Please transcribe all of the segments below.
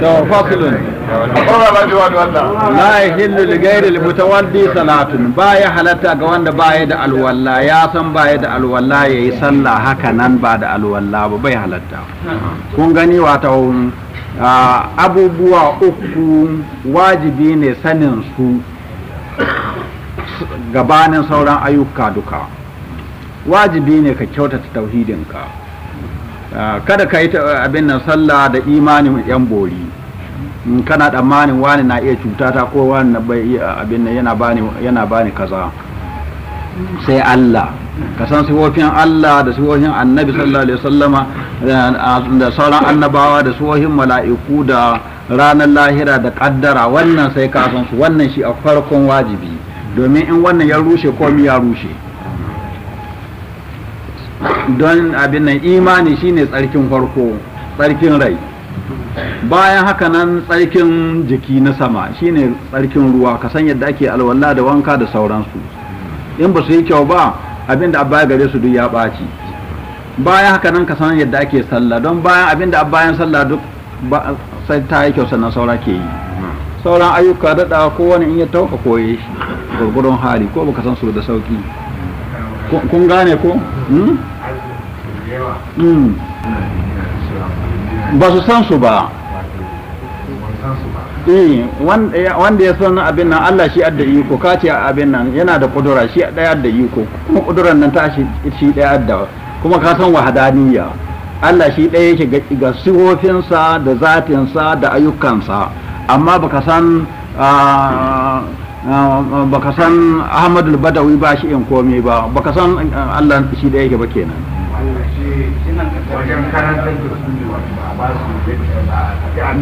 da faslun la yahillu li salatun baya halatta ga wanda baya da alwala ya san baya da ya yayi sallah haka nan ba da alwala ba bai halatta kun gani wato abubuwa uku wajibi ne sanin su gabanin sauran ayyuka duka wajibi ne ka kyautata tauhidinka Ah, kada ka yi eh, abin nan sallah da imanin yan bori kana tsammanin wani na iya cuta ta ko wani bai abin nan yana bani yana bani kaza sai Allah ka san sifofin Allah da sifofin Annabi sallallahu alaihi wasallama ah, da sauran annabawa da sifofin mala'iku da ranar lahira da kaddara wannan sai ka san su wannan shi a farkon wajibi domin in wannan ya rushe komai ya rushe don abin nan imani shine tsarkin farko tsarkin rai bayan haka nan tsarkin jiki na sama shine tsarkin ruwa ka san yadda ake alwala da wanka da sauransu in ba su yi kyau ba abin da ya gare su duk ya ɓaci bayan haka nan ka san yadda ake sallah don bayan abin da bayan sallah duk sai ta yi kyau sannan saura ke yi sauran ayyuka daɗa kowane in ya tauka koye shi gurgurun hali ko baka san su da sauki kun gane ko hmm? ba su san su ba wanda ya san abin nan Allah shi adda iko ka ce abin nan yana da kudura shi daya adda iko kuma kuduran nan ta shi daya adda kuma ka san wahadaniya Allah shi daya yake ga sifofinsa da zatinsa da ayyukansa amma baka san ah, ah, baka san Ahmadul Badawi ba shi in komai ba baka san ah, Allah shi daya yake ba kenan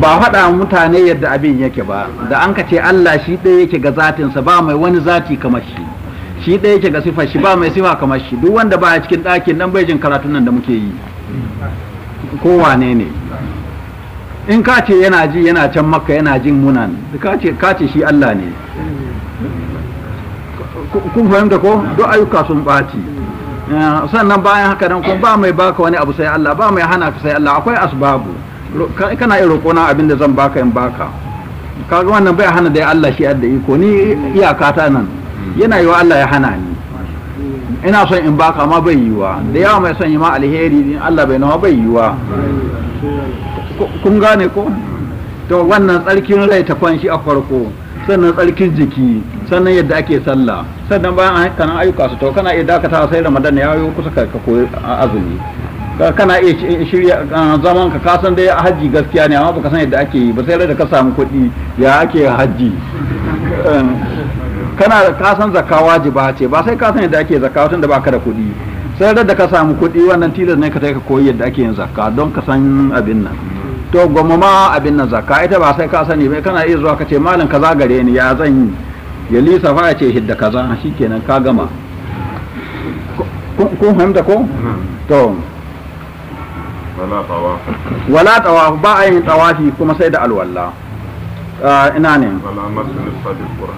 ba faɗa mutane yadda abin yake ba da an ka ce Allah shi ɗaya yake ga zatinsa ba mai wani zati kamar shi shi ɗaya yake ga sifar shi ba mai sifa kamar shi duk wanda ba a cikin ɗakin nan bai jin karatun nan da muke yi kowa ne ne in ka ce yana ji yana can makka yana jin munan ka ce shi Allah ne kun fahimta ko duk ayyuka sun ɓaci Eh, sannan bayan haka nan kuma ba mai baka wani abu sai Allah ba mai hana ka sai Allah akwai asbabu kana roƙo roƙona abin da zan baka in baka kaga wannan bai hana da Allah shi yadda iko ni iyaka ta nan yana yiwa Allah ya hana ni ina son in baka ma bai yiwa da yawa mai son yi ma alheri din Allah bai nawa bai yiwa kun gane ko to wannan tsarkin rai ta kwanshi a farko sannan tsarkin jiki sannan yadda ake sallah sannan bayan an nan ayyuka su to kana iya dakata sai ramadan ya yi kusa ka koyi azumi kana iya shirya zaman ka kasan dai haji gaskiya ne amma baka san yadda ake yi ba sai da ka samu kuɗi ya ake haji. Ehm, kana kasan zakka wajiba ce ba sai ka san yadda ake zakka tun da baka da kuɗi sai da ka samu kuɗi wannan tilas ne ka sai ka koyi yadda ake yin zakka don ka san abin nan to gwamma abin nan zakka ita ba sai ka sani bai kana iya zuwa ka ce malam kaza gare ni ya zan yi ya fa ya ce hidda kaza shikenan ka gama kun fahimta ko to wala tawa ba a yin tawafi kuma sai da alwalla ah, ina ne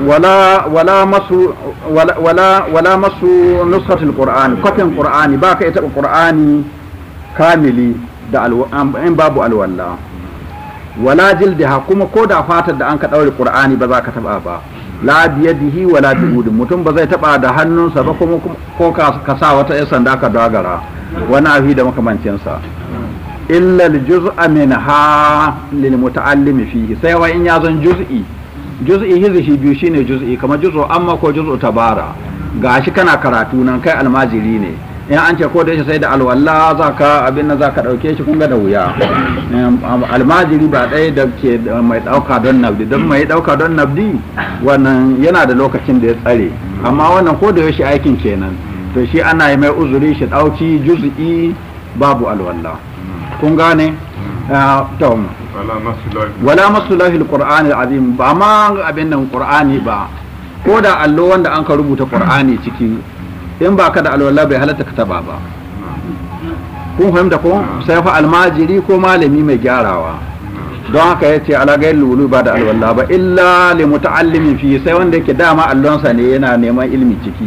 wala masu wala wala masu nusratul qur'ani kofin qur'ani ba ka taɓa qur'ani kamili da in babu alwalla wala ha kuma ko da fatar da an ka ɗaure qur'ani ba za ka taɓa ba la biyadihi wala bi'udin mutum ba zai taba da hannunsa ba kuma ko ka sa wata yasan sanda ka dagara wani afi da makamancinsa illa min ha lil muta'allimi fihi sai wa in ya zan juz'i juz'i shi biyu shine juz'i kamar juz'u amma ko juz'u tabara gashi kana karatu nan kai almajiri ne in an ce ko da shi sai da alwala za ka abin nan za ka ɗauke shi kun ga da wuya almajiri ba ɗaya da ke mai ɗauka don nabdi don mai ɗauka don nabdi wannan yana da lokacin da ya tsare amma wannan ko da yaushe aikin kenan to shi ana yi mai uzuri shi ɗauki juz'i babu alwala kun gane ah, to wala masulahi alqur'ani alazim ba ma abin nan qur'ani ba ko da allo wanda an ka rubuta qur'ani ciki in ba ka da alwala bai halatta ka taba ba kun fahimta ko sai fa almajiri ko malami mai gyarawa don haka ya ce alagayin lulu ba da alwala ba illa li muta'allimi fi sai wanda yake dama allonsa ne yana neman ilmi ciki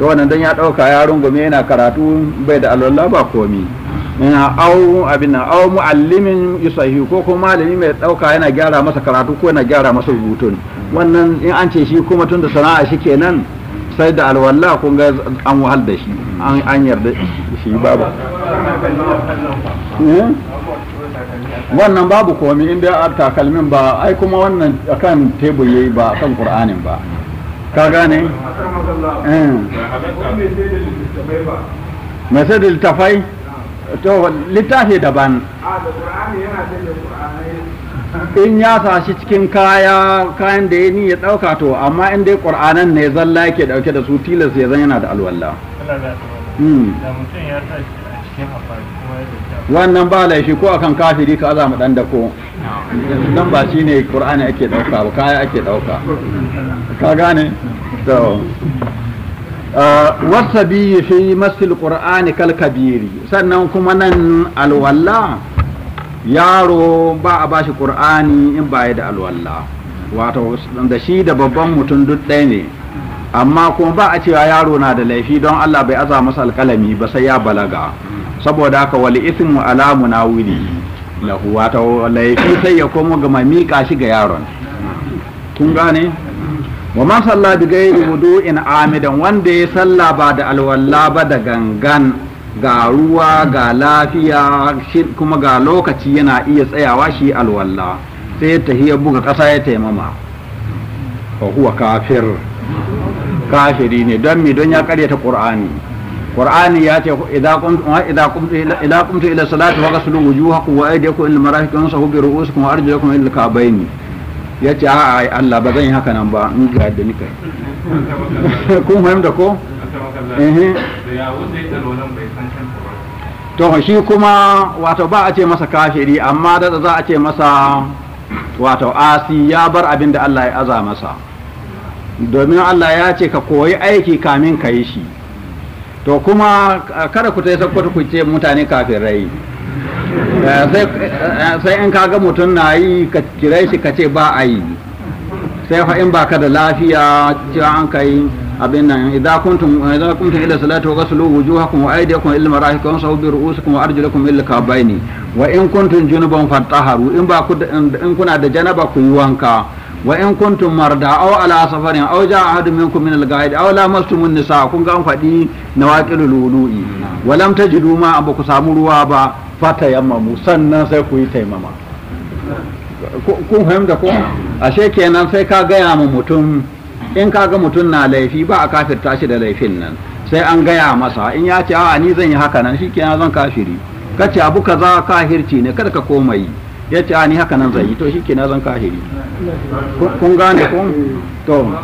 to wannan don ya dauka ya rungume yana karatu bai da alwala ba komi ina au abin au muallimin yusahi ko ko malami mai dauka yana gyara masa karatu ko yana gyara masa rubutun wannan in an ce shi kuma tun da sana'a shi kenan sai da alwala kun ga an wahal da shi an yarda shi babu hmm? wannan babu komi inda a takalmin ba ai kuma wannan akan tebur yayi ba akan qur'anin ba ka gane hmm. mai sai da littafai to littafi daban a da qur'ani yana da qur'ani in ya shi cikin kaya kayan da ya ni ya ɗauka to amma in dai ƙur'anan ne zalla yake ɗauke da su tilas ya zan yana da alwala hmm. wannan ba laifi ko akan kafiri ka za mu da ko. dan ba shi ne ƙur'ani ake ɗauka ba kaya ake ɗauka ka gane to uh, wasabi fi masil ƙur'ani kal kabiri sannan kuma nan alwala yaro ba a bashi qur'ani in ba ya da alwallah wato da shi da babban mutum duk ɗaya ne amma kuma ba a cewa yaro na da laifi don Allah bai aza masa alƙalami ba sai ya balaga saboda haka isin ismu alamu na lahu wato laifi sai ya komo ga mai miƙa shi ga yaron kun gane wa man sallah bi ghairi wudu'in amidan wanda ya salla ba da alwallah ba da gangan ga ruwa ga lafiya kuma ga lokaci yana iya tsayawa shi alwallah sai ta hiyar buga ƙasa ya taimama wa huwa kafir kafiri ne don mi don ya karyata qur'ani qur'ani ya ce idza qumtu idza qumtu ila qumtu ila salati wa ghasulu wujuhakum wa aydiyakum ila marafiqin sahu bi ru'usikum wa arjulakum ila al ya ce a'a Allah ba zan yi haka nan ba in ga yadda nika kun fahimta ko to shi kuma wato ba a ce masa kafiri amma da za a ce masa wato asi ya bar abin da Allah ya aza masa domin Allah ya ce ka koyi aiki kamin ka yi shi to kuma kada ku ta yi sakkwata ku ce mutane kafirai Eh, eh, sai in kaga mutum na yi ka kire shi ka ce ba a yi sai fa in baka da lafiya cewa an kai abin nan idan kuntum idan kuntum ila salati wa ghasulu wujuhakum wa aydiyakum ila marafiqikum wa sawbi ru'usikum wa arjulakum ila kabaini wa in kuntum junuban fatahharu in ba ku in kuna da janaba ku yi wanka wa in kuntum marda aw ala safarin aw jaa ahadun minkum min al-ghaid aw lamastum an-nisa kun ga an fadi nawaqilul wudu'i wa lam tajidu ma abu ku samu ruwa ba fata yammamu sannan sai ku yi taimama kun fahimta ko ashe kenan sai ka gaya ma mutum in ka ga mutum na laifi ba a kafirta shi da laifin nan sai an gaya masa in ya ce a ni zan yi haka nan shi kenan zan kafiri ka ce abu kaza kahirci ne kada ka koma yi ya ce a ni haka nan zan yi to shi kenan zan kafiri kun gane kun to kamar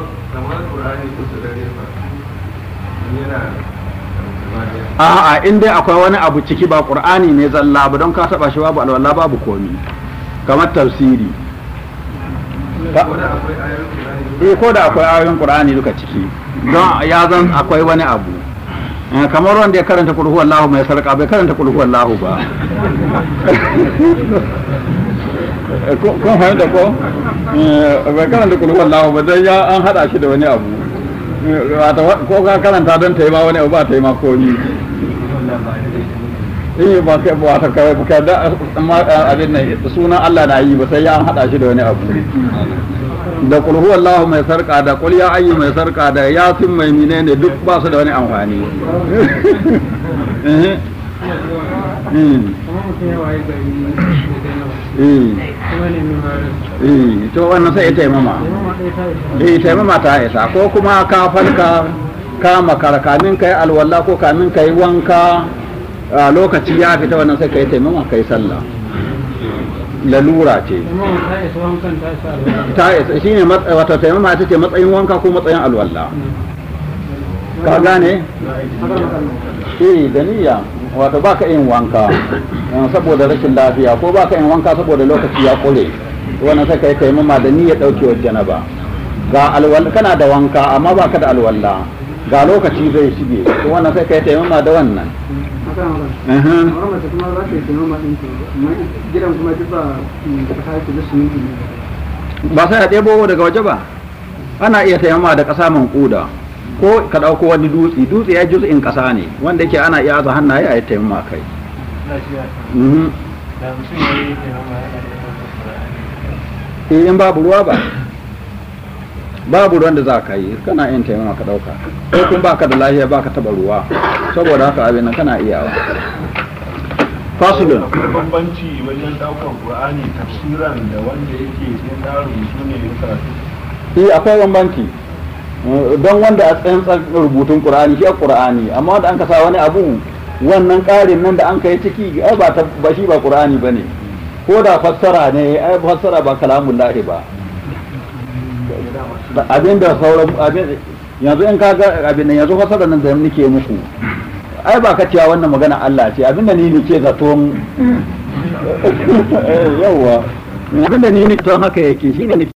a'a in dai akwai wani abu ciki ba qur'ani ne zalla ba don ka taba shi babu alwala babu komi kamar tafsiri eh ko da akwai ayoyin qur'ani duka ciki don ya zan akwai wani abu eh, kamar wanda ya karanta kul huwallahu mai sarka bai karanta kul huwallahu ba eh, kun fahimta ko eh, bai karanta kul huwallahu ba dan ya an hada shi da wani abu ko ka karanta don taima wani abu ba taima ko ni eh ba kai ba ta kai ka da amma abin nan sunan Allah na yi ba sai ya hada shi da wani abu da kul huwallahu mai sarka da kul ya ayyu mai sarka da yasin mai menene duk ba su da wani amfani eh, eh. to wannan sai ita imama yi eh, taimama ta isa ko kuma ka farka ka makara kamin kai alwallah ko kamin kai wanka a lokaci ya fita wannan sai ka yi taimama kai sallah lalura ce ta isa ne wata taimama ita ce matsayin wanka ko matsayin alwallah ka gane eh da niyya wato baka yin wanka eh, saboda rashin lafiya ko baka yin wanka saboda lokaci ya kure wannan sai kai kai mamma da niyyar daukewar janaba ga alwala kana da wanka amma baka da alwalla. ga lokaci zai shige to wannan sai kai kai mamma da wannan mm, ba sai a ɗebo daga waje ba ana iya taimama da ƙasa ƙuda. ko ka ɗauko wani dutse dutse ya in ƙasa ne wanda yake ana iya aza hannaye a yatta taimama kai mhm. eh, in babu ruwa ba babu ruwan da za ka yi kana yin taimama ka ɗauka ko kun baka da lafiya baka taɓa ruwa saboda haka abin nan kana iyawa fasulun bambanci wajen ɗaukar qur'ani tafsiran da wanda yake yin tsarin shine ne karatu eh akwai bambanci don wanda a tsantsan rubutun qur'ani shi a qur'ani amma wanda an kasa wani abu wannan ƙarin nan da an kai ciki ai ba ba shi ba qur'ani bane ko da fassara ne ai fassara ba kalamun lahi ba abinda sauran abin yanzu in kaga abin nan yanzu fassara nan da nake muku ai ba ka cewa wannan magana Allah ce abinda ni nake zaton mm. yawa da ni nake haka yake shine